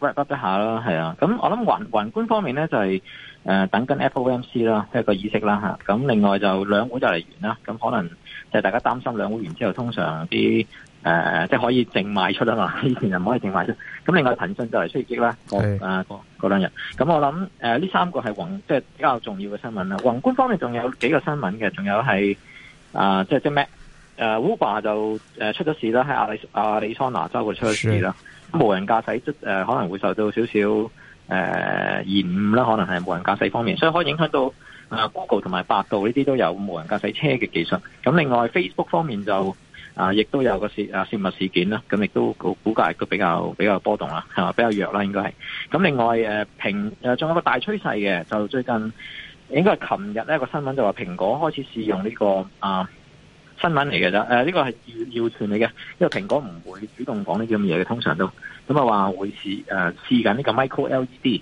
wrap up 一下啦，係啊，咁我諗環宏觀方面咧就係、是、誒、呃、等緊 FOMC 啦，一個意識啦吓，咁另外就兩會就嚟完啦，咁可能就大家擔心兩會完之後，通常啲誒即係可以淨賣出啊嘛，以前就唔可以淨賣出，咁另外騰訊就嚟出業績啦，嗰啊兩日，咁我諗誒呢三個係宏即係比較重要嘅新聞啦。宏觀方面仲有幾個新聞嘅，仲有係啊即係即係咩誒 Uber 就誒、是呃、出咗事啦，喺亞利亞利桑那州嘅出事啦。無人駕駛即誒可能會受到少少誒、呃、延誤啦，可能係無人駕駛方面，所以可以影響到誒、呃、Google 同埋百度呢啲都有無人駕駛車嘅技術。咁另外 Facebook 方面就啊亦、呃、都有個事啊洩密事，事件啦，咁亦都估估計都比較比較波動啦，吓比較弱啦應該係，應該係。咁另外誒蘋誒仲有一個大趨勢嘅，就最近應該係琴日咧個新聞就話蘋果開始試用呢、這個啊。呃新聞嚟嘅咋？誒，呢個係要要傳嚟嘅，因為蘋果唔會主動講呢啲咁嘢嘅，通常都咁啊話會試誒試緊呢個 micro LED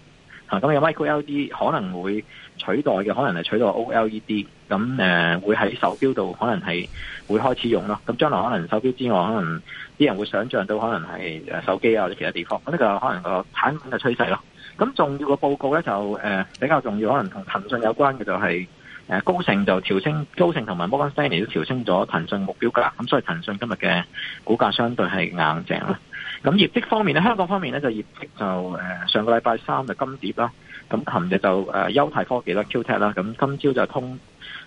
吓，咁有 micro LED 可能會取代嘅，可能係取代 OLED，咁誒會喺手表度可能係會開始用咯，咁將來可能手表之外，可能啲人會想象到可能係誒手機啊或者其他地方，咁呢個可能個產品嘅趨勢咯。咁重要嘅報告咧就誒比較重要，可能同騰訊有關嘅就係。誒，高盛就調升，高盛同埋 Morgan Stanley 都調升咗騰訊目標價，咁所以騰訊今日嘅股價相對係硬淨啦。咁業績方面咧，香港方面咧就業績就誒上個禮拜三的金蝶那就金蝶啦，咁琴日就誒優泰科技啦，QTech 啦，咁今朝就通誒、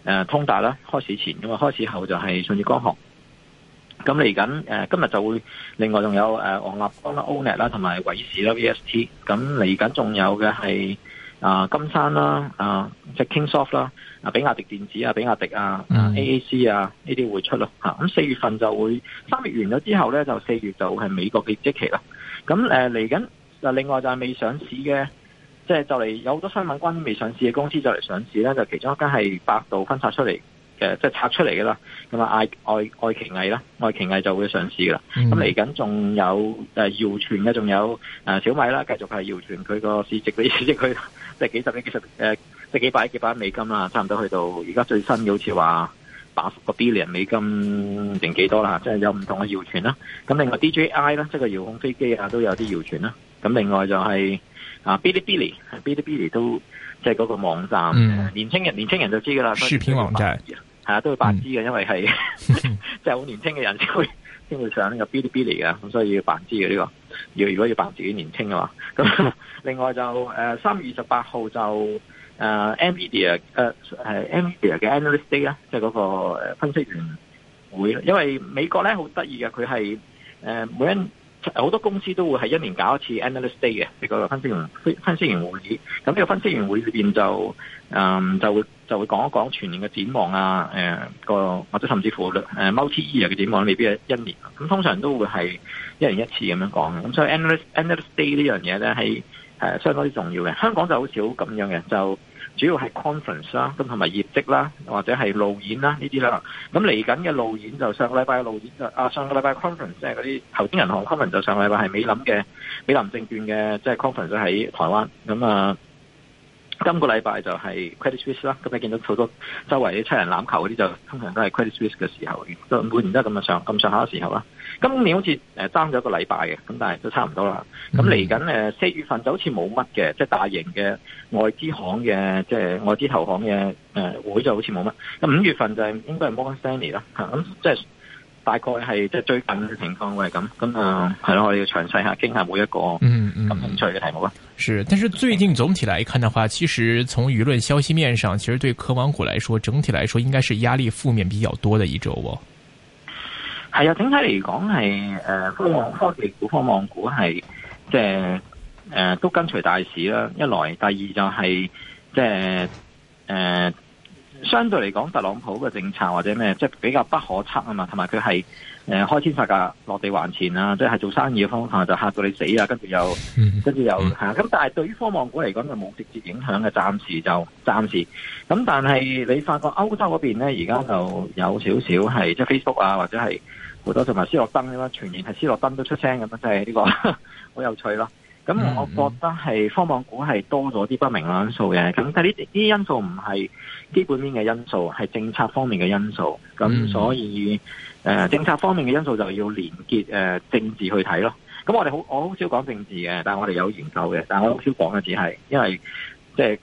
呃、通達啦，開市前咁啊，開市後就係舜宇光學。咁嚟緊誒今日就會另外仲有誒黃立光啦，Onet 啦，同埋偉仕啦，VST。咁嚟緊仲有嘅係。啊，金山啦，啊，即係 Kingsoft 啦，啊，比亞迪電子啊，比亞迪啊，嗯、AAC 啊，呢啲會出咯吓，咁、啊、四月份就會三月完咗之後咧，就四月就係美國嘅業績期啦。咁誒嚟緊，另外就係未上市嘅，即係就嚟、是、有好多新聞關於未上市嘅公司就嚟上市咧，就其中一間係百度分拆出嚟。誒，即係拆出嚟嘅啦，咁啊愛愛愛奇藝啦，愛奇藝就會上市噶啦。咁嚟緊仲有誒謠傳嘅，仲、啊、有誒、啊、小米啦，繼續係謠傳，佢個市值嘅市值佢即係幾十億、幾十誒即係幾百億、幾百億美金啦，差唔多去到而家最新嘅好似話八十個 billion 美金，定幾多啦？即係有唔同嘅謠傳啦。咁另外 DJI 啦即係，個遙控飛機啊，都有啲謠傳啦。咁另外就係、是、啊 Bilibili，Bilibili 都。即係嗰個網站，嗯、年輕人年輕人就知噶啦。視頻網站係啊，都要扮知嘅，因為係即係好年輕嘅人先會先會上呢個嗶哩嗶哩嘅，咁所以要扮知嘅呢個。要、這個、如果要扮自己年輕嘅話咁 另外就誒三、呃、月十八號就誒、呃、media 誒、呃、係 media 嘅 analyst day 啦，即係嗰個分析員會。因為美國咧好得意嘅，佢係誒每人。好多公司都會係一年搞一次 Analyst Day 嘅，呢、那個分析員、分析員會議。咁、那、呢個分析員會裏面就，嗯、就會就會講一講全年嘅展望啊，個、呃、或者甚至乎 multi-year 嘅展望，未必係一年。咁通常都會係一年一次咁樣講。咁所以 Analyst Analyst Day 這呢樣嘢咧係誒相當之重要嘅。香港就好少咁樣嘅就。主要係 conference 啦，咁同埋業績啦，或者係路演啦呢啲啦。咁嚟緊嘅路演就上個禮拜嘅路演就啊，上個禮拜嘅 conference 即係嗰啲頭先銀行 conference 就上個禮拜係美林嘅，美林證券嘅即係 conference 喺台灣。咁啊，今個禮拜就係 Credit Suisse 啦。咁你見到好多周圍啲七人欖球嗰啲就通常都係 Credit Suisse 嘅時候，每年都係咁嘅上咁上下嘅時候啦。今年好似誒爭咗一個禮拜嘅，咁但係都差唔多啦。咁嚟緊誒四月份就好似冇乜嘅，即係大型嘅外資行嘅，即係外資投行嘅誒會就好似冇乜。咁五月份就係應該係摩根斯丹尼啦，咁即係大概係即係最近嘅情況會係咁。咁啊係咯，我哋要詳細下傾下每一個嗯嗯咁興趣嘅題目啦。是，但是最近總體來看嘅話，其實從輿論消息面上，其實對科網股嚟說，整體來說應該係壓力負面比較多嘅一週哦。係啊，整體嚟講係誒，科網科技股、科網股係即係誒、呃、都跟隨大市啦。一來，第二就係、是、即係誒、呃、相對嚟講，特朗普嘅政策或者咩，即係比較不可測啊嘛。同埋佢係誒開天殺價、落地還錢啊，即係做生意嘅方向，就吓到你死啊。跟住又跟住又吓。咁 但係對於科網股嚟講就冇直接影響嘅，暫時就暫時。咁但係你發覺歐洲嗰邊咧，而家就有少少係即係 Facebook 啊，或者係。好多，同埋斯洛登嘅嘛，全年係斯洛登都出聲咁樣，真係呢個好有趣咯。咁我覺得係科網股係多咗啲不明朗因素嘅。咁但係呢啲因素唔係基本面嘅因素，係政策方面嘅因素。咁所以誒、呃、政策方面嘅因素就要連結誒、呃、政治去睇咯。咁我哋好我好少講政治嘅，但係我哋有研究嘅。但係我好少講嘅只係，因為即係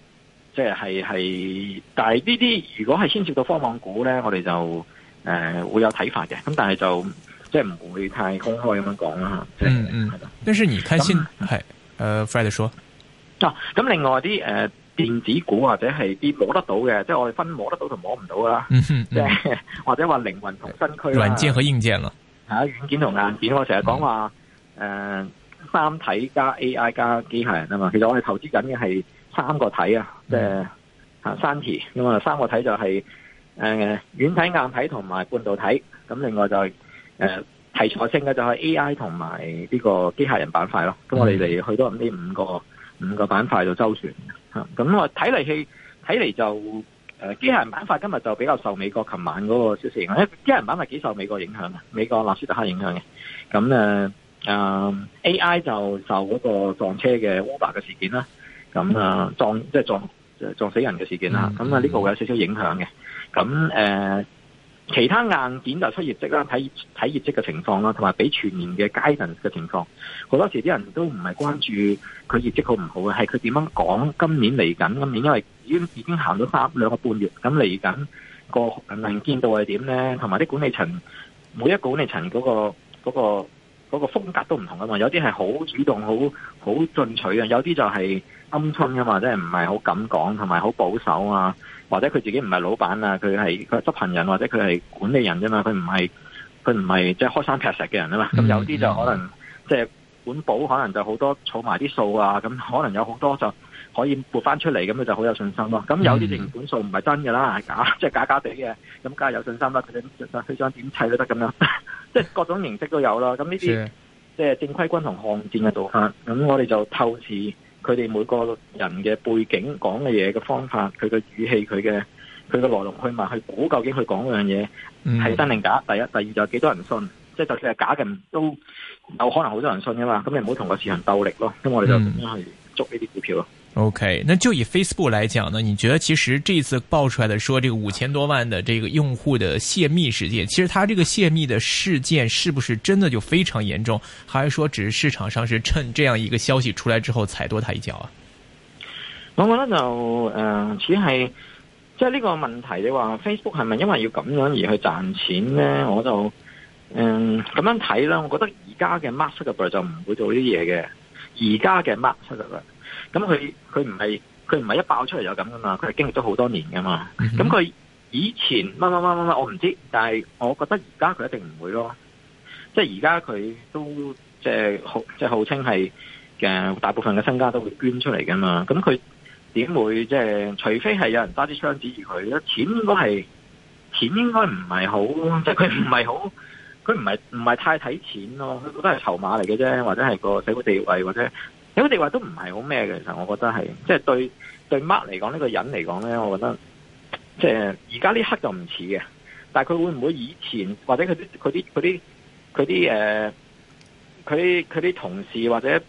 即係係係，但係呢啲如果係牽涉到科網股咧，我哋就。誒、呃，會有睇法嘅，咁但係就即係唔會太公開咁樣講啦吓。嗯嗯，係啦。但是你開心係，誒、呃、Fred 說，啊，咁另外啲誒、呃、電子股或者係啲摸得到嘅，即、就、係、是、我哋分摸得到同摸唔到啦。即、嗯、係、嗯、或者話靈魂同身軀、啊。軟件和硬件啦、啊。啊、軟件同硬件。我成日講話，誒、嗯呃，三體加 A I 加機械人啊嘛。其實我哋投資緊嘅係三個體啊，嗯、即係三體咁啊，三個體就係、是。誒、呃，軟體、硬體同埋半導體，咁另外就係誒題材性嘅就係 A.I. 同埋呢個機械人板塊咯。咁我哋嚟去到呢五個、mm. 五個板塊度周旋。咁我睇嚟去睇嚟就誒機、呃、械人板塊今日就比較受美國琴晚嗰個消息影響。因為機械人板塊幾受美國影響啊，美國納斯達克影響嘅。咁誒，誒、呃啊、A.I. 就受嗰個撞車嘅 Uber 嘅事件啦。咁啊、呃、撞即係撞撞死人嘅事件啊。咁啊呢個會有少少影響嘅。咁誒、呃，其他硬件就出業績啦，睇睇業績嘅情況啦，同埋畀全年嘅階層嘅情況。好多時啲人都唔係關注佢業績好唔好嘅，係佢點樣講。今年嚟緊，今年因為已經已經行到三兩個半月，咁嚟緊個能見度係點咧？同埋啲管理層，每一個管理層嗰個嗰個嗰個風格都唔同啊嘛。有啲係好主動、好好進取啊，有啲就係鵪鶉啊嘛，即係唔係好敢講，同埋好保守啊。或者佢自己唔係老闆啊，佢係佢係執行人或者佢係管理人啫嘛，佢唔係佢唔係即係開山劈石嘅人啊嘛。咁、嗯、有啲就可能即係本保，可能就好多儲埋啲數啊。咁可能有好多就可以撥翻出嚟，咁佢就好有信心咯、啊。咁有啲存款數唔係真噶啦，係、嗯、假，即、就、係、是、假假地嘅。咁梗係有信心啦、啊，佢想佢想點砌都得咁樣，即 係各種形式都有啦。咁呢啲即係正規軍同巷戰嘅都啊。咁我哋就透視。佢哋每個人嘅背景，講嘅嘢嘅方法，佢嘅語氣，佢嘅佢嘅來龍去脈，去估究竟佢講嗰樣嘢係真定假的？第一，第二就有幾多人信？即係就算係假嘅，都有可能好多人信噶嘛。咁你唔好同個市場鬥力咯。咁我哋就咁樣去捉呢啲股票咯。嗯 OK，那就以 Facebook 來講呢？你覺得其實這次爆出來的說，這個五千多萬的這個用戶的泄密事件，其實他這個泄密的事件是不是真的就非常嚴重？還是說只是市場上是趁這樣一個消息出來之後踩多他一腳啊？我覺得就誒，只、呃、係即係呢個問題，你話 Facebook 係咪因為要咁樣而去賺錢呢？我就嗯咁、呃、樣睇啦，我覺得而家嘅 Mark Zuckerberg 就唔會做呢啲嘢嘅，而家嘅 Mark Zuckerberg 咁佢佢唔係佢唔係一爆出嚟就咁噶嘛，佢係經歷咗好多年噶嘛。咁、嗯、佢以前乜乜乜乜乜，我唔知。但係我覺得而家佢一定唔會咯。即係而家佢都即係即係號稱係誒大部分嘅身家都會捐出嚟噶嘛。咁佢點會即係除非係有人揸啲槍指住佢咧？錢應該係錢應該唔係好，即係佢唔係好，佢唔係唔係太睇錢咯。佢都係籌碼嚟嘅啫，或者係個社會地位或者。有啲話都唔係好咩嘅，其實我覺得係，即係對對 Mark 嚟講呢個人嚟講咧，我覺得即係而家呢刻就唔似嘅，但係佢會唔會以前或者佢啲佢啲佢啲佢啲誒佢佢啲同事或者呢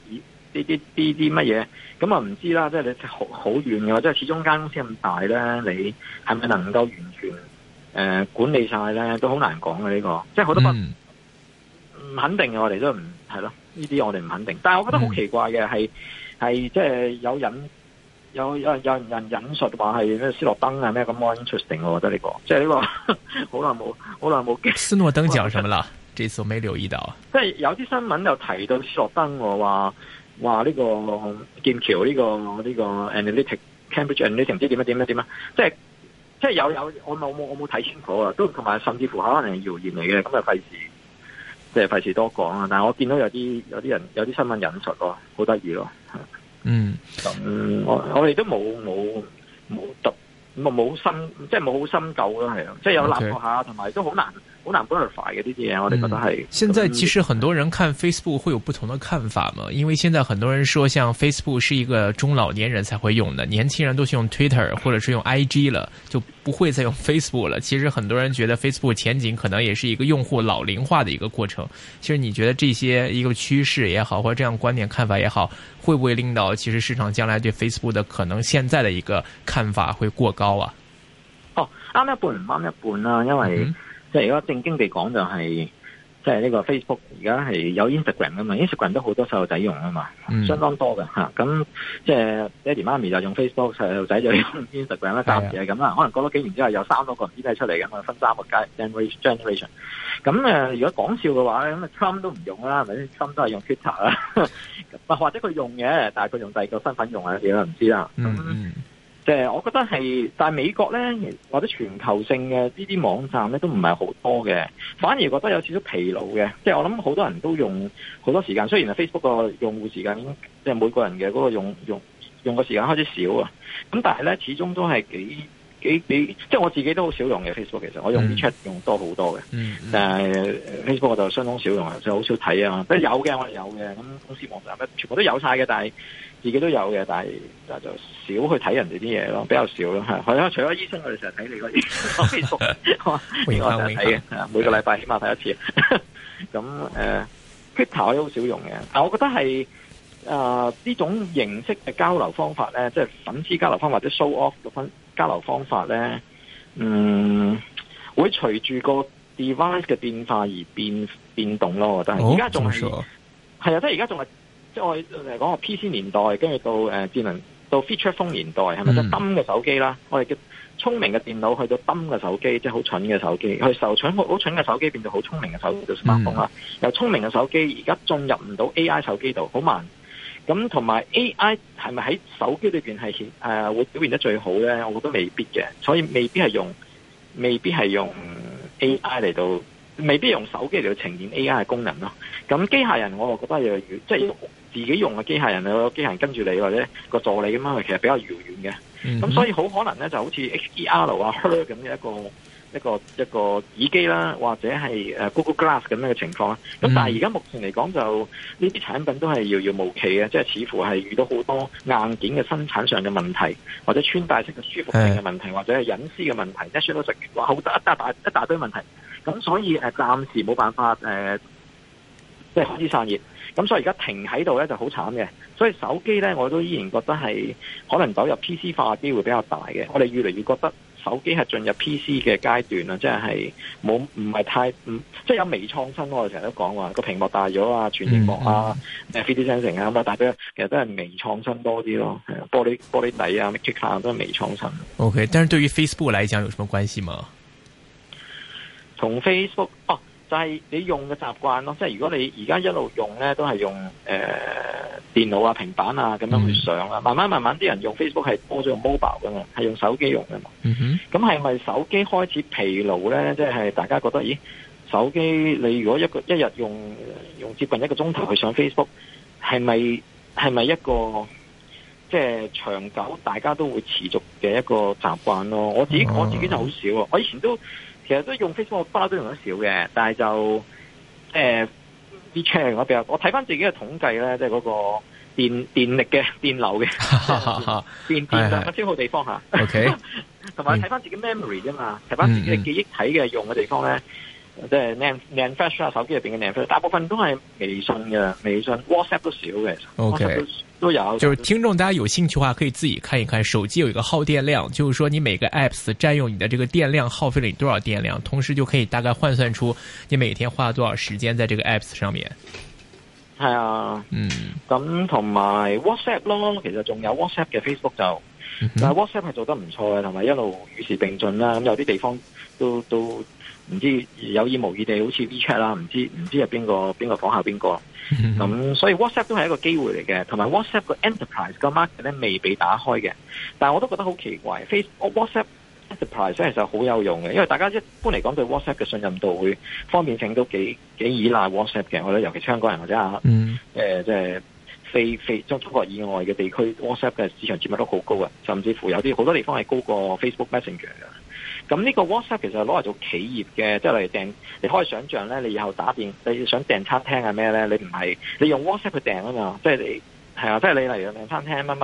啲呢啲乜嘢咁啊唔知啦，即係你好好遠嘅，或者係始終間公司咁大咧，你係咪能夠完全誒、呃、管理晒咧？都好難講嘅呢個，即係好多不唔肯定嘅，我哋都唔係咯。呢啲我哋唔肯定，但係我覺得好奇怪嘅係係即係有引有有有人有有有人引述話係咩斯諾登啊咩咁 interesting，我覺得呢個即係呢個好耐冇好耐冇。斯諾登講什麼啦？ 這次我未留意到。即係有啲新聞又提到斯諾登，我話話呢個劍橋呢個呢個 analytic Cambridge Analytic 唔知點樣點樣點樣，即係即係有有我冇冇冇睇清楚啊，都同埋甚至乎可能係謠言嚟嘅，咁啊費事。即係費事多講啊！但係我見到有啲有啲人有啲新聞引述咯，好得意咯。嗯，咁、嗯、我我哋都冇冇冇讀，咁冇深，即係冇好深究咯，係啊，即係有諗過下，同埋都好難。嗯、現在其實很多人看 Facebook 會有不同的看法嘛，因為現在很多人說，像 Facebook 是一個中老年人才會用的，年輕人都是用 Twitter 或者是用 IG 了，就不會再用 Facebook 了。其實很多人覺得 Facebook 前景可能也是一個用戶老齡化的一個過程。其實你覺得這些一個趨勢也好，或者這樣觀點看法也好，會不會令到其實市場將來對 Facebook 的可能現在的一個看法會過高啊？哦、嗯，啱一半唔啱一半啦，因為。即係如果正經地講、就係，就係即係呢個 Facebook 而家係有 Instagram 啊嘛，Instagram 都好多細路仔用啊嘛、嗯，相當多嘅嚇。咁即係爹哋媽咪就用 Facebook，細路仔就用 Instagram 啦、嗯，暫時係咁啦。可能過多幾年之後，有三多個依家出嚟嘅，我分三個、G、generation。咁、呃、如果講笑嘅話咧，咁啊，Trump 都唔用啦，係咪？Trump 都係用 Twitter 啦， 或者佢用嘅，但係佢用第二個身份用啊，而家唔知啦。嗯。即係我覺得係，但係美國咧或者全球性嘅呢啲網站咧都唔係好多嘅，反而覺得有少少疲勞嘅。即係我諗好多人都用好多時間，雖然 Facebook 個用戶時間即係每個人嘅嗰個用用用嘅時間開始少啊。咁但係咧始終都係幾幾幾，即係我自己都好少用嘅 Facebook。其實我用 WeChat 用多好多嘅，但、嗯、係、呃嗯、Facebook 我就相當少用就少啊，就好少睇啊。不過有嘅我係有嘅，咁公司網站全部都有曬嘅，但係。自己都有嘅，但係但就少去睇人哋啲嘢咯，比較少咯，係係啦。除咗醫生，看 我哋成日睇你嗰啲，我非熟，我成日睇嘅，每個禮拜起碼睇一次。咁誒，Twitter 我都好少用嘅。但我覺得係啊，呢、呃、種形式嘅交流方法咧，即、就、係、是、粉絲交流方法，或者 show off 嘅分交流方法咧，嗯，會隨住個 device 嘅變化而變變動咯。我覺得而家仲係係啊，即係而家仲係。即係我哋講個 PC 年代，跟住到誒、呃、智能到 feature phone 年代，係咪、嗯？就冧、是、嘅手機啦，我哋叫聰明嘅電腦，去到冧嘅手機，即係好蠢嘅手機，去受蠢好蠢嘅手機，變到好聰明嘅手機，就 smart phone 啦。由聰明嘅手機而家進入唔到 AI 手機度，好慢。咁同埋 AI 係咪喺手機裏邊係誒會表現得最好咧？我覺得未必嘅，所以未必係用，未必係用 AI 嚟到，未必用手機嚟到呈現 AI 嘅功能咯。咁機械人，我覺覺得又要，即係。自己用嘅機械人，個機械人跟住你，或者個助理咁樣，其實比較遙遠嘅。咁、嗯、所以好可能咧，就好似 HDR 啊、Hear 咁嘅一個一個一個耳機啦，或者係誒 Google Glass 咁樣嘅情況啦。咁、嗯、但係而家目前嚟講，就呢啲產品都係遙遙無期嘅，即、就、係、是、似乎係遇到好多硬件嘅生產上嘅問題，或者穿戴式嘅舒服性嘅問題，或者係隱私嘅問題，一説到就話好得一大大一大堆問題。咁所以誒，暫時冇辦法誒。呃即係開始散熱，咁所以而家停喺度咧就好慘嘅。所以手機咧，我都依然覺得係可能走入 PC 化嘅機會比較大嘅。我哋越嚟越覺得手機係進入 PC 嘅階段啦，即係冇唔係太即係有微創新。我哋成日都講話個屏幕大咗啊，全屏幕啊，face 啊咁啊，但係其實都係微創新多啲咯。玻璃玻璃底啊，micro 都係微創新。O、okay, K.，但是對於 Facebook 嚟講，有什麼關係嗎？同 Facebook 哦、啊。就係你用嘅習慣咯，即係如果你而家一路用咧，都係用誒電腦啊、平板啊咁樣去上啦。Mm-hmm. 慢慢慢慢啲人用 Facebook 係多咗用 mobile 噶嘛，係用手機用噶嘛。咁係咪手機開始疲勞咧？即係大家覺得咦，手機你如果一個一日用用接近一個鐘頭去上 Facebook，係咪係咪一個即係長久大家都會持續嘅一個習慣咯？我自己、oh. 我自己就好少啊，我以前都。其實都用 Facebook，不嬲都用得少嘅，但係就誒啲 charge 我比較，我睇翻自己嘅統計咧，即係嗰個電，電力嘅電流嘅 電電量嘅消耗地方 O K，同埋睇翻自己 memory 啫嘛，睇翻自己嘅記憶體嘅用嘅地方咧。 即、就、係、是、nan fresh 手機入面嘅 nan fresh 大部分都係微信嘅，微信 WhatsApp 都少嘅 OK，都，都有。就是聽眾大家有興趣嘅話，可以自己看一看手機有一個耗電量，就是說你每個 apps 占用你的這個電量，耗費咗你多少電量，同時就可以大概換算出你每天花多少時間在這個 apps 上面。係啊，嗯，咁同埋 WhatsApp 咯，其實仲有 WhatsApp 嘅 Facebook 就，嗯、但係 WhatsApp 係做得唔錯嘅，同埋一路與時並進啦。咁有啲地方都都。唔知有意無意地，好似 WeChat 啦、啊，唔知唔知係邊個邊個講下邊個。咁、mm -hmm. 嗯、所以 WhatsApp 都係一個機會嚟嘅，同埋 WhatsApp 個 Enterprise 個 market 咧未被打開嘅。但我都覺得好奇怪、mm -hmm.，Face WhatsApp Enterprise 其實好有用嘅，因為大家一般嚟講對 WhatsApp 嘅信任度會方便性都幾幾依賴 WhatsApp 嘅。我覺得尤其香港人或者啊，誒即係非非中中國以外嘅地區，WhatsApp 嘅市場佔有率都好高嘅，甚至乎有啲好多地方係高過 Facebook Messenger 嘅。咁、這、呢個 WhatsApp 其實攞嚟做企業嘅，即係嚟訂，你可以想象咧，你以後打電，你想訂餐廳係咩咧，你唔係你用 WhatsApp 去訂啊嘛，即係你係啊，即係你嚟訂餐廳乜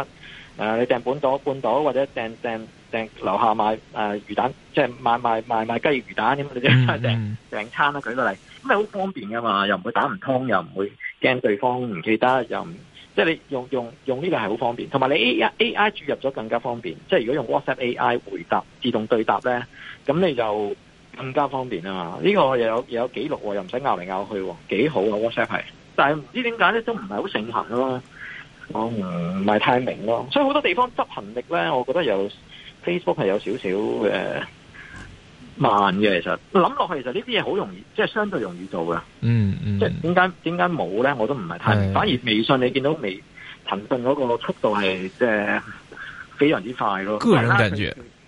乜，你訂本島、半島或者訂訂訂樓下買誒、呃、魚蛋，即係買買買買雞魚，魚蛋咁嘅啫，訂訂餐啦舉個例，咁係好方便噶嘛，又唔會打唔通，又唔會驚對方唔記得，又唔～即係你用用用呢個係好方便，同埋你 AI AI 注入咗更加方便。即係如果用 WhatsApp AI 回答，自動對答呢，咁你就更加方便啊嘛。呢、這個又有又有記錄，又唔使拗嚟拗去，幾好啊 WhatsApp 係。但係唔知點解呢，嗯、都唔係好盛行咯、啊。我唔係、嗯、太明咯、啊，所以好多地方執行力呢，我覺得 Facebook 有 Facebook 係有少少嘅。嗯慢嘅其實諗落去，其實呢啲嘢好容易，即係相對容易做㗎。嗯嗯，即係點解點解冇咧？我都唔係太、嗯，反而微信你見到微騰訊嗰個速度係即係非常之快咯。個人感覺。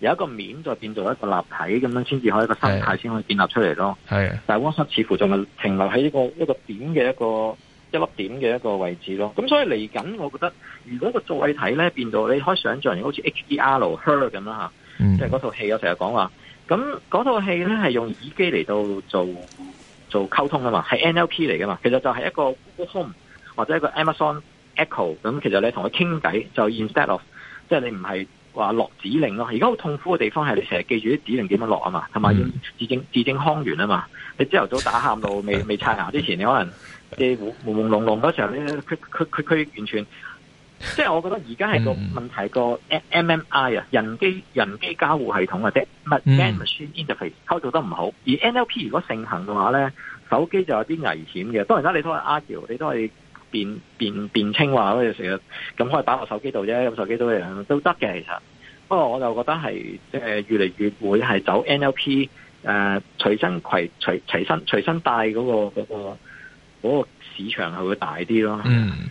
有一個面再變做一個立體咁樣，先至可以個生態先可以建立出嚟咯。係，但係 WhatsApp 似乎仲係停留喺一個一個點嘅一個一粒點嘅一個位置咯。咁所以嚟緊，我覺得如果個載體咧變到，你可以想象，好似 HDR 咁啦吓，即係嗰套戲我成日講話，咁嗰套戲咧係用耳機嚟到做做溝通噶嘛，係 NLP 嚟噶嘛，其實就係一個 Google Home 或者一個 Amazon Echo 咁，其實你同佢傾偈就 instead of，即係你唔係。話落指令咯，而家好痛苦嘅地方係你成日記住啲指令點樣落啊嘛，同埋要字正字正腔圓啊嘛。你朝頭早打喊路未未刷牙之前，你可能嘅朦朦朧朧嗰時候咧，佢佢佢佢完全，即係我覺得而家係個問題個、嗯、M M I 啊，人機人機交互系統即係 machine machine interface 構造得唔好。而 N L P 如果盛行嘅話咧，手機就有啲危險嘅。當然啦，你都係 argue，你都係。變變變清話，咁有時咁可以擺落手機度啫，咁手機度又都得嘅。其實不過我就覺得係，即係越嚟越會係走 NLP，誒、呃、隨身攜隨隨身隨身帶嗰個嗰個嗰個市場係會大啲咯。嗯。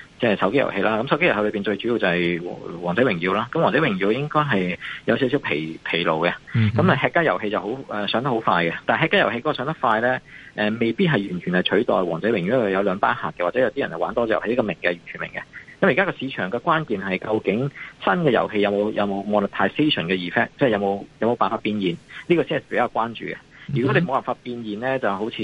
即、就、係、是、手機遊戲啦，咁手機遊戲裏面最主要就係《王者榮耀》啦，咁《王者榮耀》應該係有少少疲疲勞嘅，咁啊吃雞遊戲就好誒、呃、上得好快嘅，但係吃雞遊戲嗰個上得快咧、呃，未必係完全係取代《王者榮耀》，有兩班客嘅，或者有啲人係玩多隻遊戲呢、這個名嘅，完全明嘅，因為而家個市場嘅關鍵係究竟新嘅遊戲有冇有冇冇太嘅 effect，即係有冇有冇辦法變現，呢、這個先係比較關注嘅。如果你冇辦法變現咧，就好似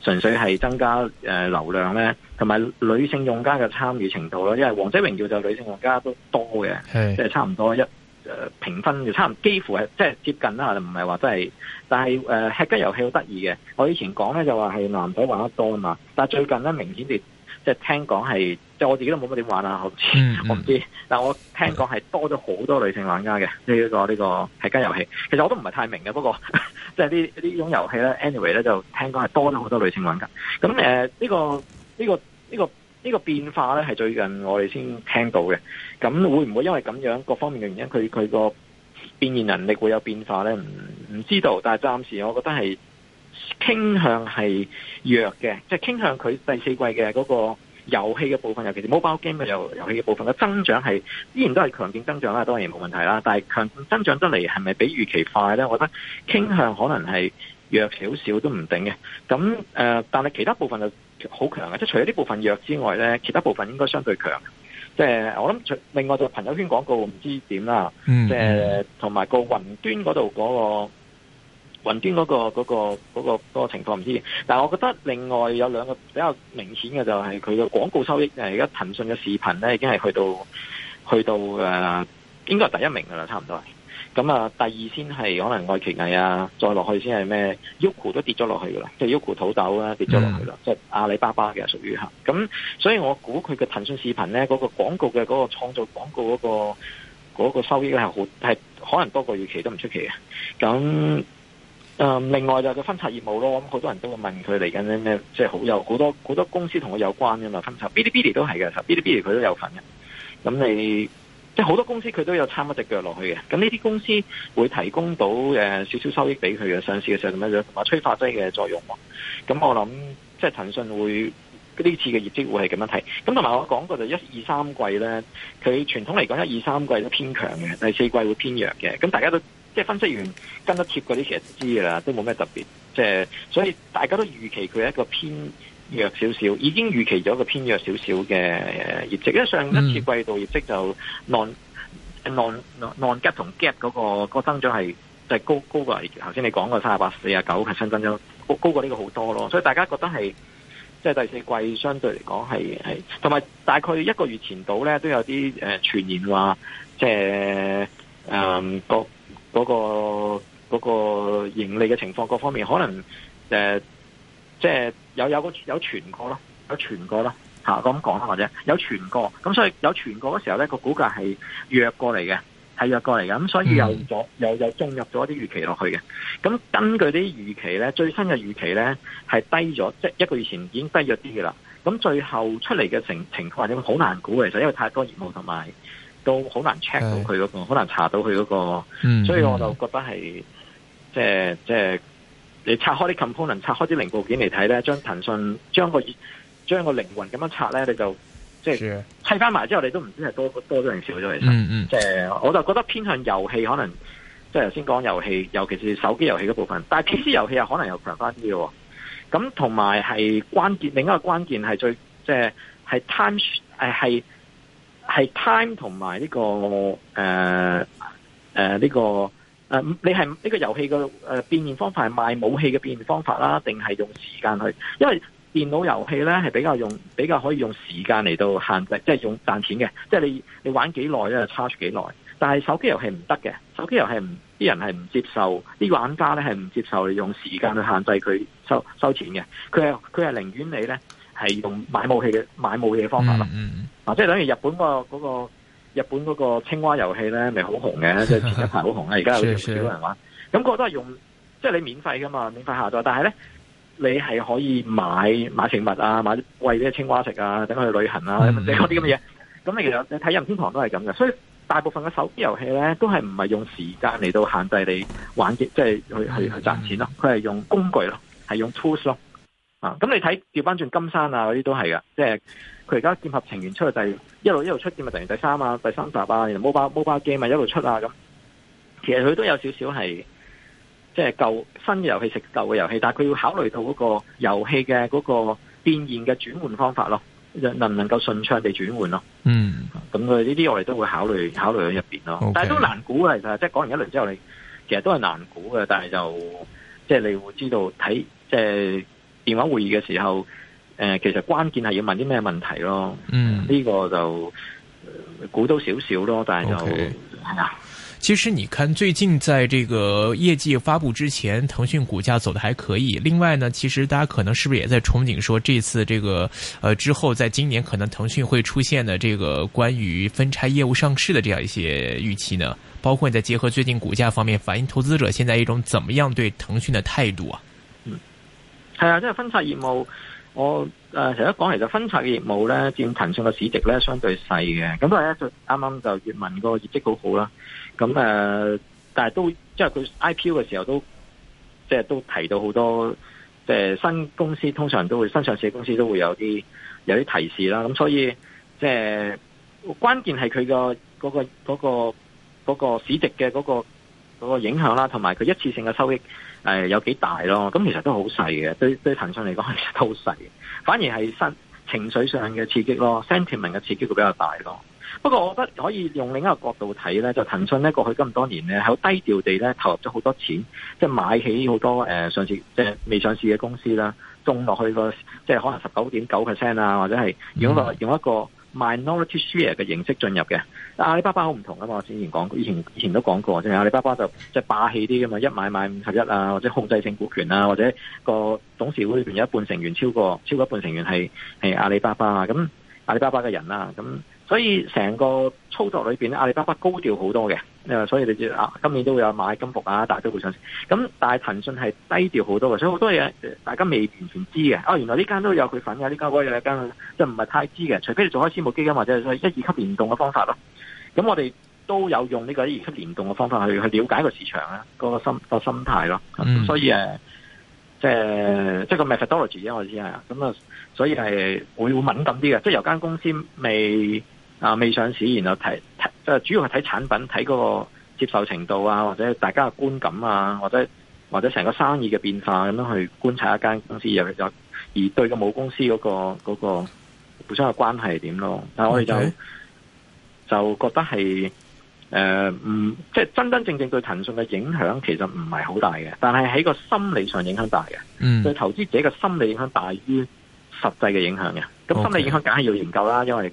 純粹係增加、呃、流量咧，同埋女性用家嘅參與程度咯。因為《王者榮耀》就女性用家都多嘅，即係、就是、差唔多一誒、呃、評分就差，幾乎係即係接近啦，唔係話真係。但係誒、呃、吃雞遊戲好得意嘅，我以前講咧就話係男仔玩得多啊嘛，但最近咧明顯哋即係聽講係。就我自己都冇乜點玩啦、啊，好似我唔知，我唔知、嗯嗯。但係我聽講係多咗好多女性玩家嘅呢、這個這個、一個呢個係間遊戲。其實我都唔係太明嘅，不過即係呢呢種遊戲咧，anyway 咧就聽講係多咗好多女性玩家。咁誒呢個呢、這個呢、這個呢、這個變化咧係最近我哋先聽到嘅。咁會唔會因為咁樣各方面嘅原因，佢佢個變現能力會有變化咧？唔唔知道。但係暫時我覺得係傾向係弱嘅，即係傾向佢第四季嘅嗰、那個。遊戲嘅部分，尤其是 mobile game 嘅遊遊戲嘅部分嘅增長係依然都係強勁增長啦，當然冇問題啦。但係強勁增長得嚟係咪比預期快咧？我覺得傾向可能係弱少少都唔定嘅。咁誒、呃，但係其他部分就好強嘅，即係除咗呢部分弱之外咧，其他部分應該相對強。即、就、係、是、我諗除另外就朋友圈廣告唔知點啦、嗯，即係同埋個雲端嗰度嗰個。雲端嗰個嗰個嗰個嗰個嗰個情況唔知，但係我覺得另外有兩個比較明顯嘅就係佢嘅廣告收益誒，而家騰訊嘅視頻咧已經係去到去到、呃、應該係第一名㗎啦，差唔多。咁啊，第二先係可能愛奇藝啊，再落去先係咩 Youku 都跌咗落去噶啦，即係 Youku 土豆啊跌咗落去啦，即係、mm. 阿里巴巴嘅屬於。咁所以我估佢嘅騰訊視頻咧嗰個廣告嘅嗰個創造廣告嗰個嗰個收益咧係好係可能多過預期都唔出奇嘅，咁。誒、嗯，另外就就分拆業務咯，咁好多人都會問佢嚟緊啲咩？即係好有好多好多公司同佢有關嘅嘛，分拆 Bilibili 都係嘅，Bilibili 佢都有份嘅。咁你即係好多公司佢都有插一隻腳落去嘅。咁呢啲公司會提供到誒、啊、少少收益俾佢嘅上市嘅時候，咁樣樣同埋催化劑嘅作用。咁我諗即係騰訊會呢次嘅業績會係咁樣睇。咁同埋我講過就一二三季咧，佢傳統嚟講一二三季都偏強嘅，第四季會偏弱嘅。咁大家都。即係分析完跟得貼嗰啲，其實都知㗎啦，都冇咩特別。即、就、係、是、所以大家都預期佢係一個偏弱少少，已經預期咗個偏弱少少嘅業績。因為上一次季度業績就 non non-GAAP 同 GAAP 嗰、那個、那個增長係係、就是、高高過頭，先你講個三十八四十九係新增咗高高過呢個好多咯。所以大家覺得係即係第四季相對嚟講係係，同埋大概一個月前度咧都有啲誒、呃、傳言話，即係誒、呃、個。嗰、那個嗰、那個、盈利嘅情況各方面，可能誒、呃，即係有有個有傳過啦，有傳過啦，嚇咁講或者有傳過，咁、啊、所以有傳過嘅時候咧，個股價係弱過嚟嘅，係弱過嚟嘅，咁所以又咗、嗯、又又注入咗一啲預期落去嘅。咁根據啲預期咧，最新嘅預期咧係低咗，即、就、係、是、一個月前已經低咗啲嘅啦。咁最後出嚟嘅成情況或者好難估嘅，其實因為太多業務同埋。都好難 check 到佢嗰、那個，好難查到佢嗰、那個、嗯，所以我就覺得係、嗯、即係即係你拆開啲 component，拆開啲零部件嚟睇咧，將騰訊將個熱將個靈魂咁樣拆咧，你就即係砌翻埋之後，你都唔知係多多咗定少咗其實。即係、嗯、我就覺得偏向遊戲可能，即係頭先講遊戲，尤其是手機遊戲嗰部分。但係 PC 遊戲又可能又強翻啲嘅，咁同埋係關鍵，另一個關鍵係最即係係 time 誒係。是係 time 同埋呢個誒誒呢個誒、呃，你係呢個遊戲嘅誒變現方法係賣武器嘅變現方法啦，定係用時間去？因為電腦遊戲咧係比較用比較可以用時間嚟到限制，即係用賺錢嘅。即係你你玩幾耐咧，charge 幾耐。但係手機遊戲唔得嘅，手機遊戲唔啲人係唔接受，啲玩家咧係唔接受你用時間去限制佢收收錢嘅。佢係佢係寧願你咧。係用買武器嘅買武器嘅方法咯。嗯，啊，即係等於日本嗰個、嗰個、嗰個日本嗰個青蛙遊戲咧，咪好紅嘅，即係前一排好紅啊，而家有少少人玩，咁、嗰個都係用，即係你免費噶嘛，免費下載，但係咧你係可以買買食物啊，買喂啲青蛙食啊，等佢去旅行啊，嗰啲咁嘅嘢，咁你其實你睇任天堂都係咁嘅，所以大部分嘅手機遊戲咧都係唔係用時間嚟到限制你玩嘅，即係去去去賺錢咯，佢係用工具咯，係用 tools 咯。啊，咁你睇調翻轉金山啊嗰啲都係噶，即係佢而家劍俠情緣出嚟，第一路一路出，劍啊突然第三啊第三集啊，然後 MOBA MOBA game 一路出啊咁，其實佢都有少少係即係舊新嘅遊戲食舊嘅遊戲，但係佢要考慮到嗰個遊戲嘅嗰、嗰個變現嘅轉換方法咯，能唔能夠順暢地轉換咯？嗯，咁佢呢啲我哋都會考慮考慮喺入邊咯，okay. 但係都難估嘅，其實都難，即係講完一輪之後你其實都係難估嘅，但係就即係你會知道睇即係。電話會議嘅時候，誒、呃、其實關鍵係要問啲咩問題咯。嗯、呢、這個就、呃、估到少少咯，但係就、okay. 啊、其實，你看最近在這個業績發布之前，騰訊股價走得還可以。另外呢，其實大家可能是不是也在憧憬，說這次這個，呃之後在今年可能騰訊會出現的這個關於分拆業務上市的這樣一些預期呢？包括你再結合最近股價方面反映，投資者現在一種怎麼樣對騰訊的態度啊？係啊，即、就、係、是、分拆業務，我誒成日講，其、呃、實分拆嘅業務咧佔騰訊嘅市值咧相對細嘅。咁但係咧就啱啱就閱文個業績好好啦。咁誒、呃，但係都即係佢 IPO 嘅時候都即係、就是、都提到好多，即、就、係、是、新公司通常都會新上市公司都會有啲有啲提示啦。咁所以即係、就是、關鍵係佢個嗰、那個嗰個嗰個市值嘅嗰、那個、那個影響啦，同埋佢一次性嘅收益。誒有幾大咯？咁其實都好細嘅，對對騰訊嚟講其實都好細，反而係新情緒上嘅刺激咯，sentiment 嘅刺激會比較大咯。不過，我覺得可以用另一個角度睇咧，就騰訊咧過去咁多年咧，喺低調地咧投入咗好多錢，即係買起好多誒上市，即係未上市嘅公司啦，中落去個即係可能十九點九 percent 啊，或者係如果用一個，minority share 嘅形式進入嘅，阿里巴巴好唔同噶嘛？我之前講，以前以前都講過，即係阿里巴巴就即係霸氣啲噶嘛，一買買五十一啊，或者控制性股權啊，或者個董事會裏邊有一半成員超過超過一半成員係係阿里巴巴啊，咁阿里巴巴嘅人啦、啊，咁。所以成個操作裏邊咧，阿里巴巴高調好多嘅，誒，所以你知啊，今年都會有買金服啊，大家都會想。咁但係騰訊係低調好多嘅，所以好多嘢大家未完全知嘅。哦，原來呢間都有佢份嘅，呢間嗰有一間就唔係太知嘅，除非你做開私募基金或者係一二級連動嘅方法咯。咁我哋都有用呢個一二級連動嘅方法去去了解個市場啊，嗰、個心、個心態咯、嗯。所以即係即係個 methodology 啫，我知係啊。咁啊，所以係會會敏感啲嘅，即係有間公司未。啊，未上市，然後睇即係主要係睇產品，睇嗰個接受程度啊，或者大家嘅觀感啊，或者或者成個生意嘅變化，咁樣去觀察一間公司，有有而對個母公司嗰、嗰個嗰、嗰個互相嘅關係係點咯。但係我哋就係 okay. 就覺得係誒，唔、呃、即係真真正正對騰訊嘅影響其實唔係好大嘅，但係喺個心理上影響大嘅，對、mm. 投資者嘅心理影響大於實際嘅影響嘅。咁心理影響梗係要研究啦，okay. 因為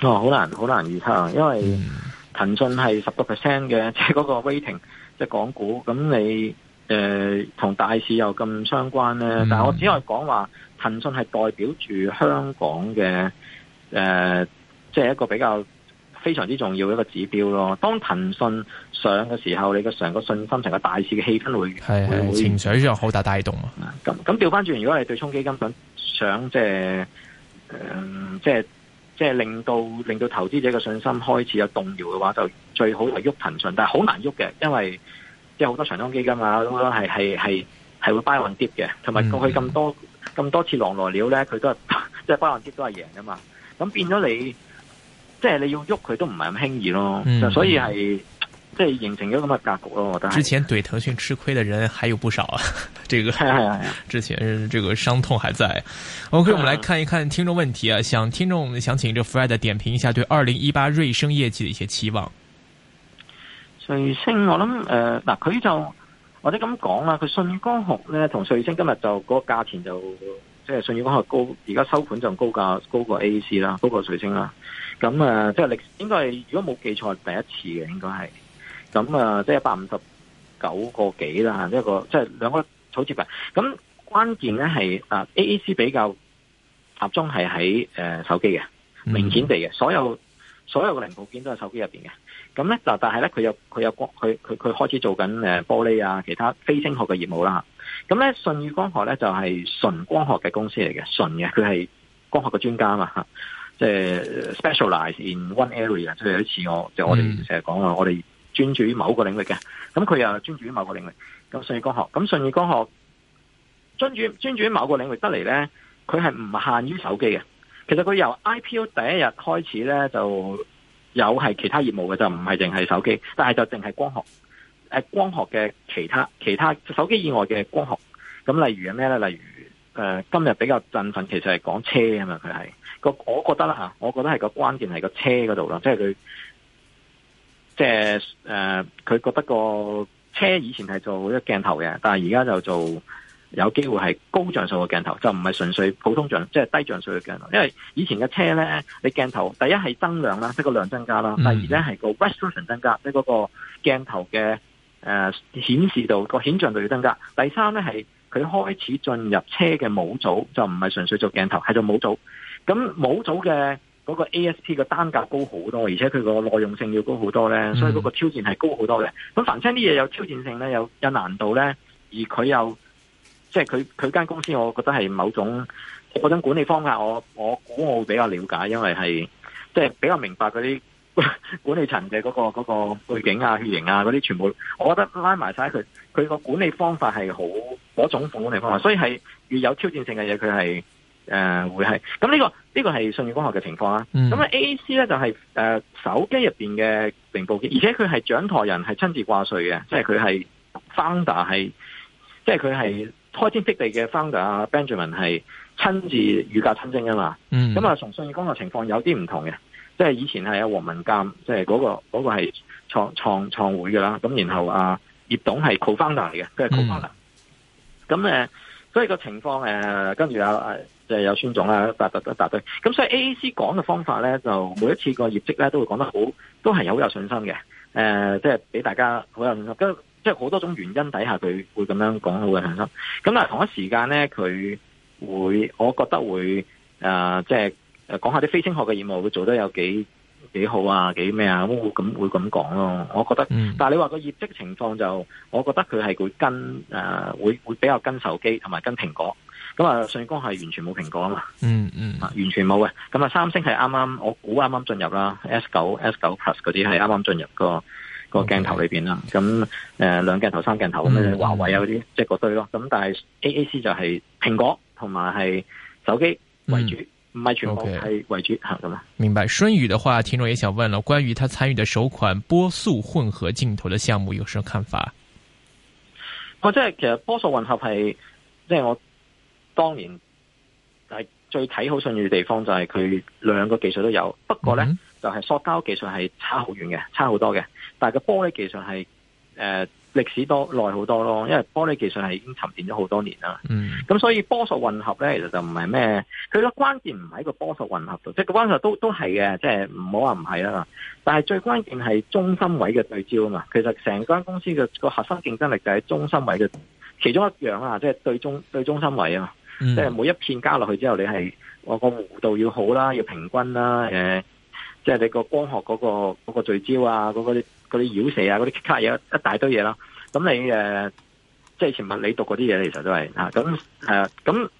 哦，好難好難預測啊！因為騰訊係十個 percent 嘅，即係嗰個 waiting 即係港股。咁你誒同、呃、大市又咁相關咧，嗯。但係我只可以講話騰訊係代表住香港嘅誒，即、呃、係、就是、一個比較非常之重要嘅一個指標咯。當騰訊上嘅時候，你嘅成個信心、成個大市嘅氣氛會係情緒有好大帶動啊！咁咁調翻轉，如果你對沖基金想想、呃、即係誒即係。即、就、係、是、令到令到投資者嘅信心開始有動搖嘅話，就最好係喐騰訊，但係好難喐嘅，因為即係好多長通基金啊，都係係係係會 buy on dip 嘅，同埋過去咁多咁，mm -hmm. 多次狼來了咧，佢都係即係 buy on dip 都係贏噶嘛，咁變咗你即係、就是、你要喐佢都唔係咁輕易咯，就、mm -hmm. 所以係。即、就、係、是、形成咗咁嘅格局咯，我覺得。之前對騰訊吃虧嘅人還有不少啊，這個。係係啊，之前這個傷痛還在。OK，、啊、我們來看一看聽眾問題啊，想聽眾想請這 Fred 點評一下對二零一八瑞聲業績的一些期望。瑞聲，我諗誒，嗱、呃、佢就或者咁講啦，佢信光學咧同瑞聲今日就嗰、那個價錢就即係、就是、信光學高，而家收盤就高價，高過 A C 啦，高過瑞聲啦。咁啊，即係歷應該係如果冇記錯，第一次嘅應該係。咁啊，即係一百五十九個幾啦，一個即係兩個草紙牌。咁關鍵咧係啊，A A C 比較集中係喺誒手機嘅、嗯，明顯地嘅。所有所有嘅零部件都係手機入邊嘅。咁咧就但係咧佢有佢有光，佢佢佢開始做緊誒玻璃啊，其他非光學嘅業務啦。咁咧，舜宇光學咧就係、是、純光學嘅公司嚟嘅，純嘅，佢係光學嘅專家啊嘛。即、就、係、是、specialize in one area，即係好似我，即、嗯、我哋成日講話我哋。專注於某個領域嘅，咁佢又專注於某個領域，咁信義光學，咁信義光學專注專注於某個領域得嚟，呢，佢係唔限於手機嘅。其實佢由 IPO 第一日開始呢，就有係其他業務嘅，就唔係淨係手機，但係就淨係光學，光學嘅其他其他手機以外嘅光學，咁例如係咩呢？例如誒、呃、今日比較振奮，其實係講車啊嘛，佢係個我覺得啦吓，我覺得係個關鍵係個車嗰度啦，即係佢。即係誒，佢、呃、覺得個車以前係做一個鏡頭嘅，但係而家就做有機會係高像素嘅鏡頭，就唔係純粹普通像，即係低像素嘅鏡頭。因為以前嘅車咧，你鏡頭第一係增量啦，即個量增加啦，第二咧係個 resolution 增加，即、嗯、嗰、就是、個鏡頭嘅誒、呃、顯示度個顯像度要增加。第三咧係佢開始進入車嘅模組，就唔係純粹做鏡頭，係做模組。咁模組嘅。嗰、那個 A S P 嘅單價高好多，而且佢個耐用性要高好多咧、嗯，所以嗰個挑戰係高好多嘅。咁凡昌啲嘢有挑戰性咧，有有難度咧，而佢又即係佢佢間公司，我覺得係某種嗰種管理方法我，我我估我比較了解，因為係即係比較明白嗰啲管理層嘅嗰、那個那個背景啊、血型啊嗰啲全部，我覺得拉埋晒佢，佢個管理方法係好嗰種管理方法，所以係越有挑戰性嘅嘢，佢係。誒、呃，會係咁呢、嗯嗯嗯這個呢、這個係信義光學嘅情況啦、啊。咁、嗯、啊 A A C 咧就係、是、誒、呃、手機入邊嘅零部件，而且佢係掌舵人，係親自掛帥嘅，即係佢係 founder 係、嗯，即係佢係開天闢地嘅 founder 啊、嗯、Benjamin 係親自御駕親征噶嘛。咁、嗯、啊，從信義光學情況有啲唔同嘅，即係以前係有黃文鑑，即係嗰個嗰個係創創創會噶啦。咁然後啊葉董係 co-founder 嚟嘅，佢係 co-founder。咁誒，所以個情況誒、呃，跟住啊誒。呃就是、有孫總啊，沓沓沓堆，咁所以 A A C 講嘅方法咧，就每一次個業績咧都會講得好，都係好有信心嘅。即係俾大家好有信心。即係好多種原因底下，佢會咁樣講好有信心。咁但係同一時間咧，佢會，我覺得會即係、呃就是、講下啲非聲學嘅業務會做得有幾幾好啊，幾咩啊，咁會咁講咯。我覺得，嗯、但係你話個業績情況就，我覺得佢係會跟、呃、會會比較跟手機同埋跟蘋果。咁啊，信光係完全冇蘋果啊嘛，嗯嗯，完全冇嘅。咁啊，三星係啱啱我估啱啱進入啦，S 九、S 九 Plus 嗰啲係啱啱進入個個鏡頭裏邊啦。咁、嗯、誒，兩、嗯、鏡頭，頭、三鏡頭咁樣，華為啊啲即係嗰堆咯。咁但係 A A C 就係蘋果同埋係手機為主，唔、嗯、係全部係、okay, 為主吓咁啊。明白。舜宇嘅話，聽眾也想問了，關於他參與嘅首款波速混合鏡頭嘅項目，有什麼看法？我真係其實波速混合係即係我。當年就係最睇好信任嘅地方，就係佢兩個技術都有。不過咧、mm -hmm. 就係塑膠技術係差好遠嘅，差好多嘅。但係個玻璃技術係誒歷史多耐好多咯，因為玻璃技術係已經沉澱咗好多年啦。咁、mm -hmm. 所以波索混合咧、就是就是，其實就唔係咩，佢個關鍵唔係一個波索混合度，即係個關鍵都都係嘅，即係唔好話唔係啦。但係最關鍵係中心位嘅對焦啊嘛。其實成間公司嘅個核心競爭力就喺中心位嘅其中一樣啊，即、就、係、是、對中對中心位啊嘛。嗯、即係每一片加落去之後，你係話個弧度要好啦，要平均啦，誒、呃，即係你個光學嗰、那個嗰、那個聚焦啊，嗰、那個嗰啲繞射啊，嗰啲卡嘢一大堆嘢啦。咁你誒、呃，即係前物你讀嗰啲嘢，其實都係吓。咁啊咁、啊、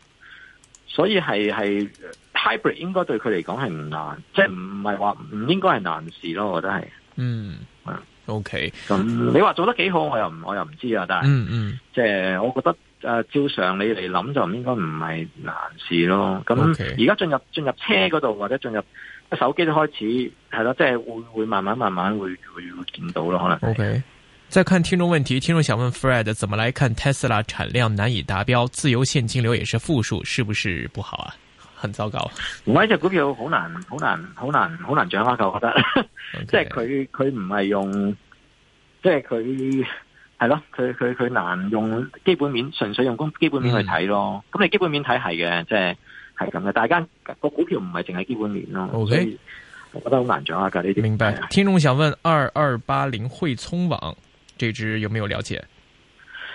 所以係係 hybrid 應該對佢嚟講係唔難，即係唔係話唔應該係難事咯。我覺得係，嗯,嗯，ok 嗯。咁你話做得幾好，我又唔我又唔知啊。但係，嗯嗯，即係我覺得。誒、啊，照常你嚟諗就應該唔係難事咯。咁而家進入進入車嗰度或者進入手機都開始係咯，即係、就是、會會慢慢慢慢會會，會見到咯可能。O、okay. K，再看聽眾問題，聽眾想問 Fred，怎麼來看 Tesla 產量難以達標，自由現金流也是負數，是不是不好啊？很糟糕。呢隻股票好難好難好難好難掌握，我覺得， okay. 即係佢佢唔係用，即係佢。係咯，佢佢佢難用基本面，純粹用基本面去睇咯。咁、嗯、你基本面睇係嘅，即係係咁嘅。大家、這個股票唔係淨係基本面咯 O K，我覺得好難掌握噶呢啲。明白、嗯。聽眾想問二二八零匯聰網這支有冇有了解？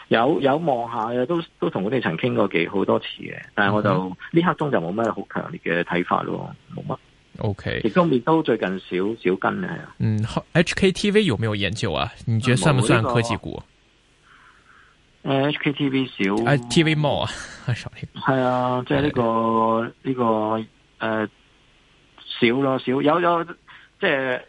有有望下嘅，都都同佢哋曾傾過幾好多次嘅，但係我就呢、okay. 刻中就冇咩好強烈嘅睇法咯，冇乜。O K，中免都最近少少跟嘅。嗯，H K T V 有冇有研究啊？你覺得算唔算科技股？誒、uh,，HKTV 少，誒，TV Mall 啊，係、uh, 啊，即係呢個呢、這個誒少咯，少，了少有有即係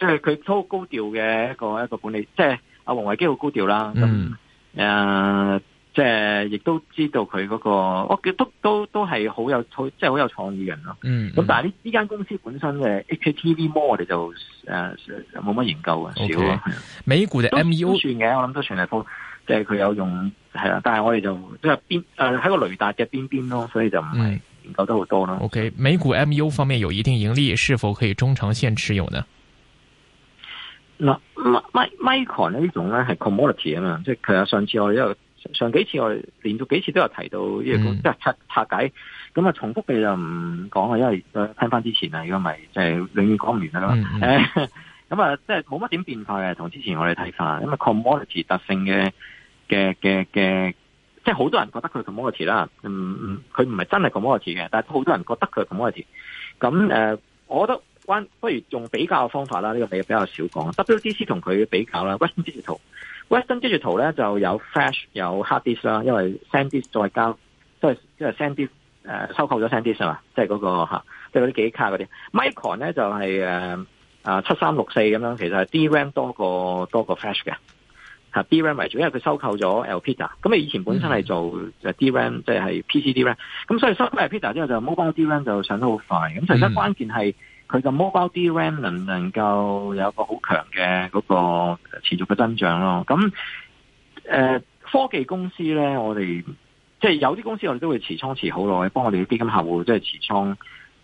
即係佢好高調嘅一個一個管理，即係阿王維基好高調啦，咁、mm. 誒、uh，即係亦都知道佢嗰、那個，我見都都都係好有創，即係好有創意人咯，咁、mm. 但係呢呢間公司本身嘅 HKTV Mall 我哋就誒冇乜研究啊，少啊，美股嘅 M U O 算嘅，我諗都算係鋪。即係佢有用係，但係我哋就即係邊誒喺個雷達嘅邊邊咯，所以就唔係研究得好多咯。嗯、o、okay, K. 美股 M U 方面有一定盈利，是否可以中長線持有呢？嗱，mic mic micron 呢一種咧係 commodity 啊嘛，即係其實上次我有上幾次我連到幾次都有提到，因為即係拆拆解，咁啊重複嘅就唔講啊，因為誒聽翻之前啊，如果咪就係永遠講唔完㗎喇。嗯嗯 咁啊，即係冇乜點變化嘅，同之前我哋睇法，因為 commodity 特性嘅嘅嘅嘅，即係好多人覺得佢 commodity 啦，唔唔，佢唔係真係 commodity 嘅，但係好多人覺得佢 commodity。咁誒，我覺得關不如用比較嘅方法啦，呢個你比較少講。WDC 同佢比較啦，Western Digital，Western Digital 咧就有 Flash 有 Hard Disk 啦，因為 SanDisk 再加即係即係 SanDisk 誒收購咗 SanDisk 啊，即係嗰個吓，即係嗰啲記憶卡嗰啲。Micron 咧就係誒。啊、呃，七三六四咁樣，其實係 DRAM 多個多個 Flash 嘅，吓、啊、DRAM 為主，因為佢收購咗 LPTA，咁、嗯、你、嗯、以前本身係做誒 DRAM，即係 PC DRAM，咁所以收購 LPTA 之後就 Mobile DRAM 就上得好快，咁實質關鍵係佢個 Mobile DRAM 能唔能夠有一個好強嘅嗰個持續嘅增長咯，咁誒、呃、科技公司咧，我哋即係有啲公司我哋都會持倉持好耐，幫我哋啲基金客戶即係持倉。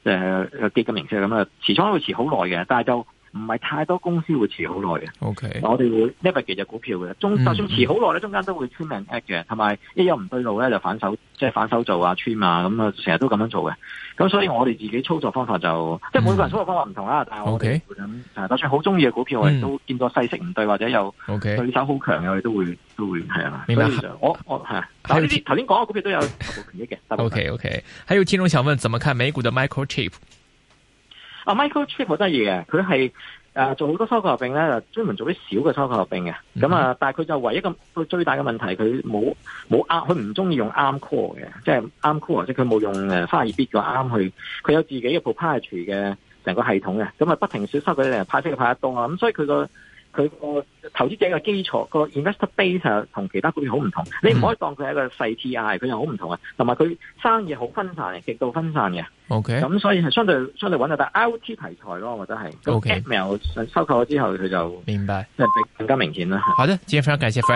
誒、呃，基金形式咁啊，持倉會持好耐嘅，但係就。唔係太多公司會持好耐嘅，OK，我哋會 navigate 幾隻股票嘅，中就算持好耐咧，中間都會 trim and add 嘅，同埋一有唔對路咧就反手，即係反手做啊 trim 啊，咁啊成日都咁樣做嘅。咁、嗯、所以我哋自己操作方法就，即係每個人操作方法唔同啦。但係我哋咁，就算好中意嘅股票，我哋都見到勢色唔對、嗯、或者有對手好強嘅，我哋都會都會係啊。明白。我我，但係呢啲頭先講嘅股票都有保護權益嘅。OK OK，還有聽眾想問，怎麼看美股嘅 Microchip？啊、oh, Michael Trip 好得意嘅，佢係誒做好多收購合併咧，專門做啲小嘅收購合併嘅，咁啊，但係佢就唯一個佢最大嘅問題，佢冇冇啱，佢唔中意用啱 call 嘅，即係啱 call，即係佢冇用誒花 bit 個啱去，佢有自己嘅 proprietary 嘅成個系統嘅，咁啊不停少失佢嚟派飛嘅派得多啊，咁所以佢個。佢個投資者嘅基礎個 investor base 同其他嗰邊好唔同，你唔可以當佢係一個細 T I，佢又好唔同啊，同埋佢生意好分散，極度分散嘅。OK，咁所以係相對相對揾到，但 I O T 題材咯，我覺得係。OK，收購咗之後佢就明白，即係更加明顯啦。Okay. 好的，今天非常感謝。